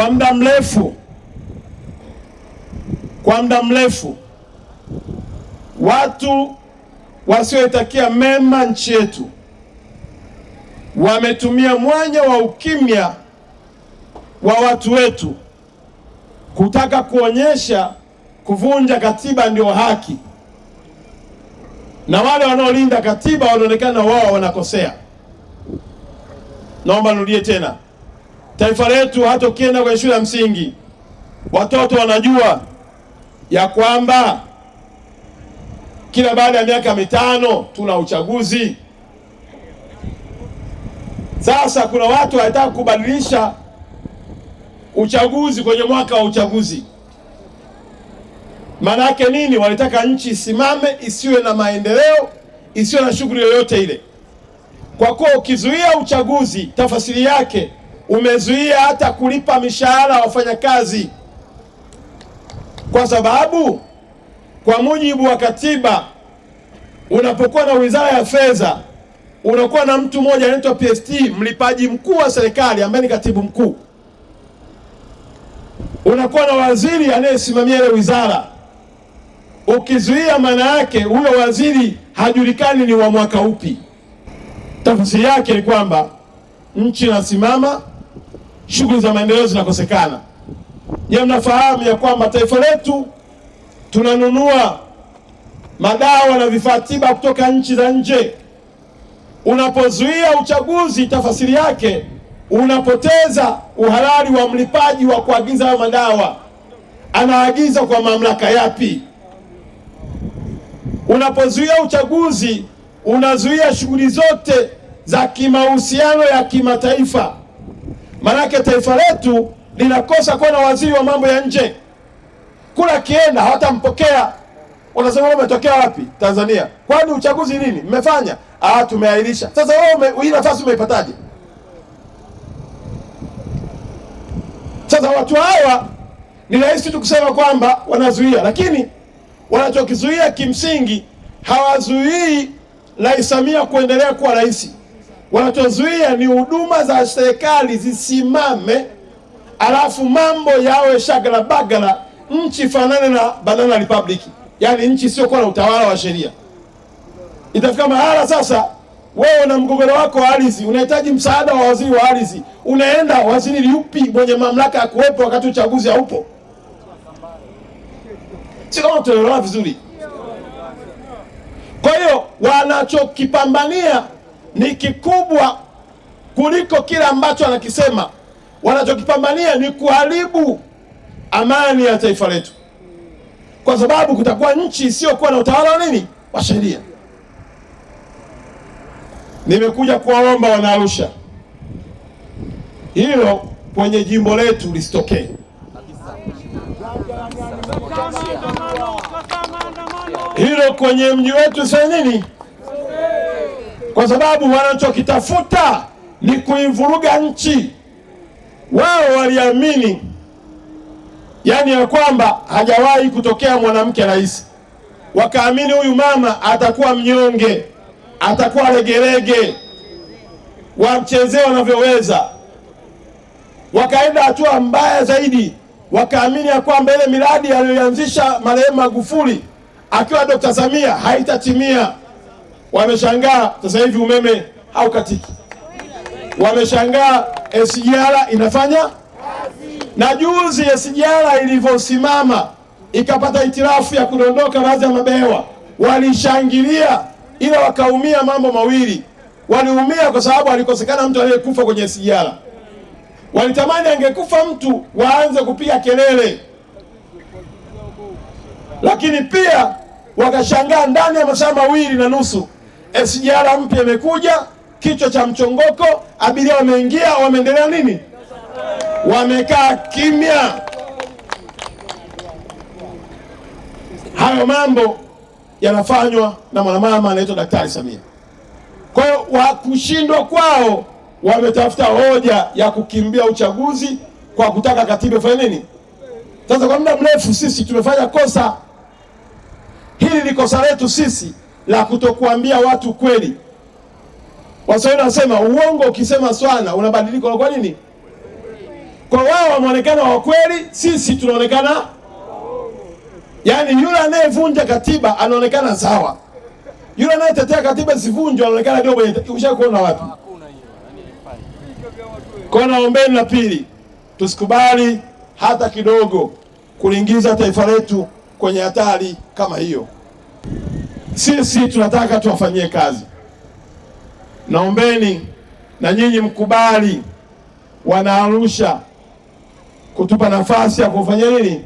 Kwa muda mrefu, kwa muda mrefu watu wasioitakia mema nchi yetu wametumia mwanya wa ukimya wa watu wetu kutaka kuonyesha kuvunja katiba ndio haki, na wale wanaolinda katiba wanaonekana wao wanakosea. Naomba nirudie tena. Taifa letu hata ukienda kwenye shule ya msingi watoto wanajua ya kwamba kila baada ya miaka mitano tuna uchaguzi. Sasa kuna watu wanataka kubadilisha uchaguzi kwenye mwaka wa uchaguzi. Maana yake nini? Walitaka nchi isimame, isiwe na maendeleo, isiwe na shughuli yoyote ile. Kwa kuwa ukizuia uchaguzi, tafasiri yake umezuia hata kulipa mishahara wafanyakazi, kwa sababu kwa mujibu wa katiba, unapokuwa na wizara ya fedha unakuwa na mtu mmoja anaitwa PST, mlipaji mkuu wa serikali, ambaye ni katibu mkuu. Unakuwa na waziri anayesimamia ile wizara. Ukizuia, maana yake huyo waziri hajulikani ni wa mwaka upi. Tafsiri yake ni kwamba nchi inasimama, shughuli za maendeleo zinakosekana. Je, mnafahamu ya kwamba taifa letu tunanunua madawa na vifaa tiba kutoka nchi za nje? Unapozuia uchaguzi, tafasiri yake unapoteza uhalali wa mlipaji wa kuagiza hayo madawa. Anaagiza kwa mamlaka yapi? Unapozuia uchaguzi, unazuia shughuli zote za kimahusiano ya kimataifa. Maanake taifa letu linakosa kuwa na waziri wa mambo ya nje. Kula akienda hawatampokea, wanasema umetokea wapi Tanzania? Kwani uchaguzi nini mmefanya? Ah, tumeahirisha. Sasa wewe hii nafasi umeipataje? Sasa watu hawa ni rahisi tu kusema kwamba wanazuia, lakini wanachokizuia kimsingi hawazuii Rais Samia kuendelea kuwa rais. Wanachozuia ni huduma za serikali zisimame, alafu mambo yawe shagala bagala, nchi fanane na banana republic, yaani nchi isiyokuwa na utawala wa sheria. Itafika mahala sasa, wewe na mgogoro wako wa ardhi unahitaji msaada wa waziri wa ardhi, unaenda waziri yupi mwenye mamlaka ya kuwepo wakati uchaguzi haupo? Si kama tunaelewana vizuri? Kwa hiyo wanachokipambania ni kikubwa kuliko kile ambacho anakisema. Wanachokipambania ni kuharibu amani ya taifa letu, kwa sababu kutakuwa nchi isiyokuwa na utawala wa nini, wa sheria. Nimekuja kuwaomba Wanaarusha, hilo kwenye jimbo letu lisitokee. Hilo kwenye mji wetu sio nini kwa sababu wanachokitafuta ni kuivuruga nchi. Wao waliamini yaani ya kwamba hajawahi kutokea mwanamke rais, wakaamini huyu mama atakuwa mnyonge, atakuwa legelege, wamchezee wanavyoweza. Wakaenda hatua mbaya zaidi, wakaamini ya kwamba ile miradi aliyoianzisha marehemu Magufuli akiwa Dokta Samia haitatimia Wameshangaa sasa hivi umeme haukatiki, wameshangaa SGR inafanya na juzi SGR ilivyosimama ikapata itirafu ya kudondoka, baadhi ya mabewa walishangilia, ila wakaumia mambo mawili. Waliumia kwa sababu alikosekana mtu aliyekufa kwenye SGR. Walitamani angekufa mtu waanze kupiga kelele, lakini pia wakashangaa ndani ya masaa mawili na nusu SGR mpya imekuja, kichwa cha mchongoko, abiria wameingia, wameendelea nini, wamekaa kimya. Hayo mambo yanafanywa na mwanamama anaitwa Daktari Samia. Kwa hiyo wakushindwa kwao wametafuta hoja ya kukimbia uchaguzi kwa kutaka katiba ifanye nini? Sasa kwa muda mrefu sisi tumefanya kosa hili, ni kosa letu sisi la kutokuambia watu kweli. Waswahili wanasema uongo ukisema sana unabadilika. Kwa nini? Kwa wao wameonekana wa kweli, sisi tunaonekana yaani, yule anayevunja katiba anaonekana sawa, yule anayetetea katiba isivunjwe anaonekana ndio mwenye. Ushakuona wapi? Kwa naombeni, la pili, tusikubali hata kidogo kuliingiza taifa letu kwenye hatari kama hiyo. Sisi tunataka tuwafanyie kazi. Naombeni na nyinyi mkubali wanaarusha kutupa nafasi ya kufanya nini.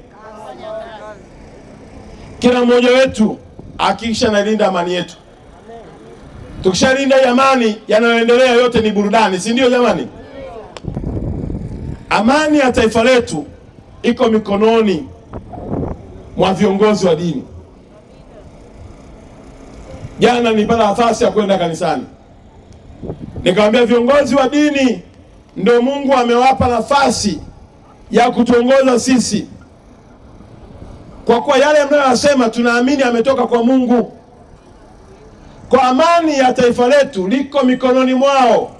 Kila mmoja wetu akikisha nalinda amani yetu. Tukishalinda hii amani, yanayoendelea yote ni burudani, si ndio? Jamani, amani ya taifa letu iko mikononi mwa viongozi wa dini. Jana nilipata nafasi ya kwenda kanisani, nikamwambia viongozi wa dini ndio Mungu amewapa nafasi ya kutuongoza sisi, kwa kuwa yale mnayoyasema tunaamini ametoka kwa Mungu, kwa amani ya taifa letu liko mikononi mwao,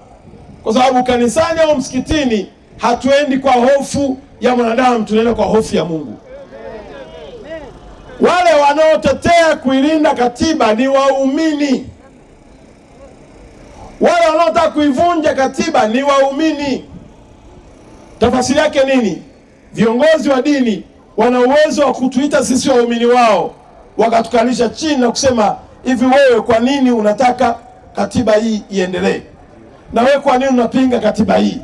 kwa sababu kanisani au msikitini hatuendi kwa hofu ya mwanadamu, tunaenda kwa hofu ya Mungu. Wale wanaotetea kuilinda katiba ni waumini, wale wanaotaka kuivunja katiba ni waumini. Tafasiri yake nini? Viongozi wa dini wana uwezo wa kutuita sisi waumini wao, wakatukalisha chini na kusema hivi, wewe kwa nini unataka katiba hii iendelee? Na wewe kwa nini unapinga katiba hii?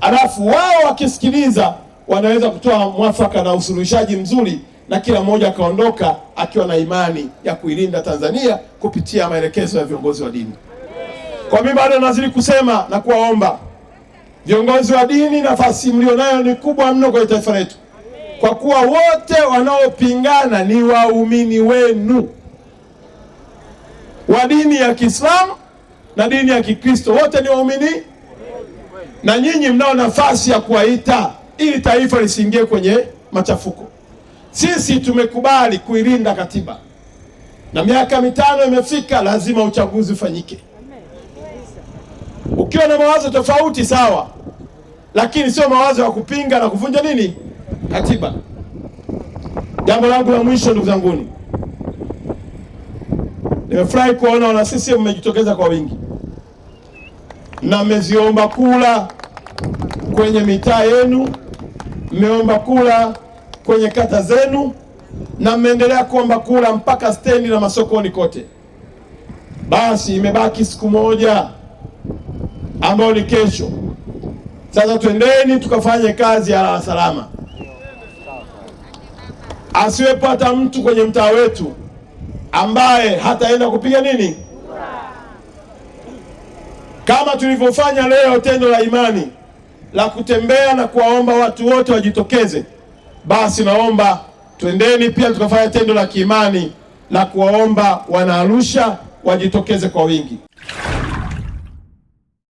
Alafu wao wakisikiliza, wanaweza kutoa mwafaka na usuluhishaji mzuri na kila mmoja akaondoka akiwa na imani ya kuilinda Tanzania kupitia maelekezo ya viongozi wa dini. Kwa mimi bado nazidi kusema na kuwaomba viongozi wa dini, nafasi mlionayo ni kubwa mno kwenye taifa letu, kwa kuwa wote wanaopingana ni waumini wenu wa dini ya Kiislamu na dini ya Kikristo, wote ni waumini na nyinyi mnao nafasi ya kuwaita ili taifa lisiingie kwenye machafuko. Sisi tumekubali kuilinda katiba na miaka mitano imefika, lazima uchaguzi ufanyike. Ukiwa na mawazo tofauti sawa, lakini sio mawazo ya kupinga na kuvunja nini katiba. Jambo langu la mwisho, ndugu zanguni, nimefurahi kuona wana sisi mmejitokeza kwa wingi na mmeziomba kula kwenye mitaa yenu, mmeomba kula kwenye kata zenu na mmeendelea kuomba kura mpaka stendi na masokoni kote. Basi imebaki siku moja ambayo ni kesho. Sasa twendeni tukafanye kazi ya salama, asiwepo hata mtu kwenye mtaa wetu ambaye hataenda kupiga nini, kama tulivyofanya leo, tendo la imani la kutembea na kuwaomba watu wote wajitokeze basi naomba twendeni pia tukafanya tendo la kiimani la kuwaomba Wanaarusha wajitokeze kwa wingi.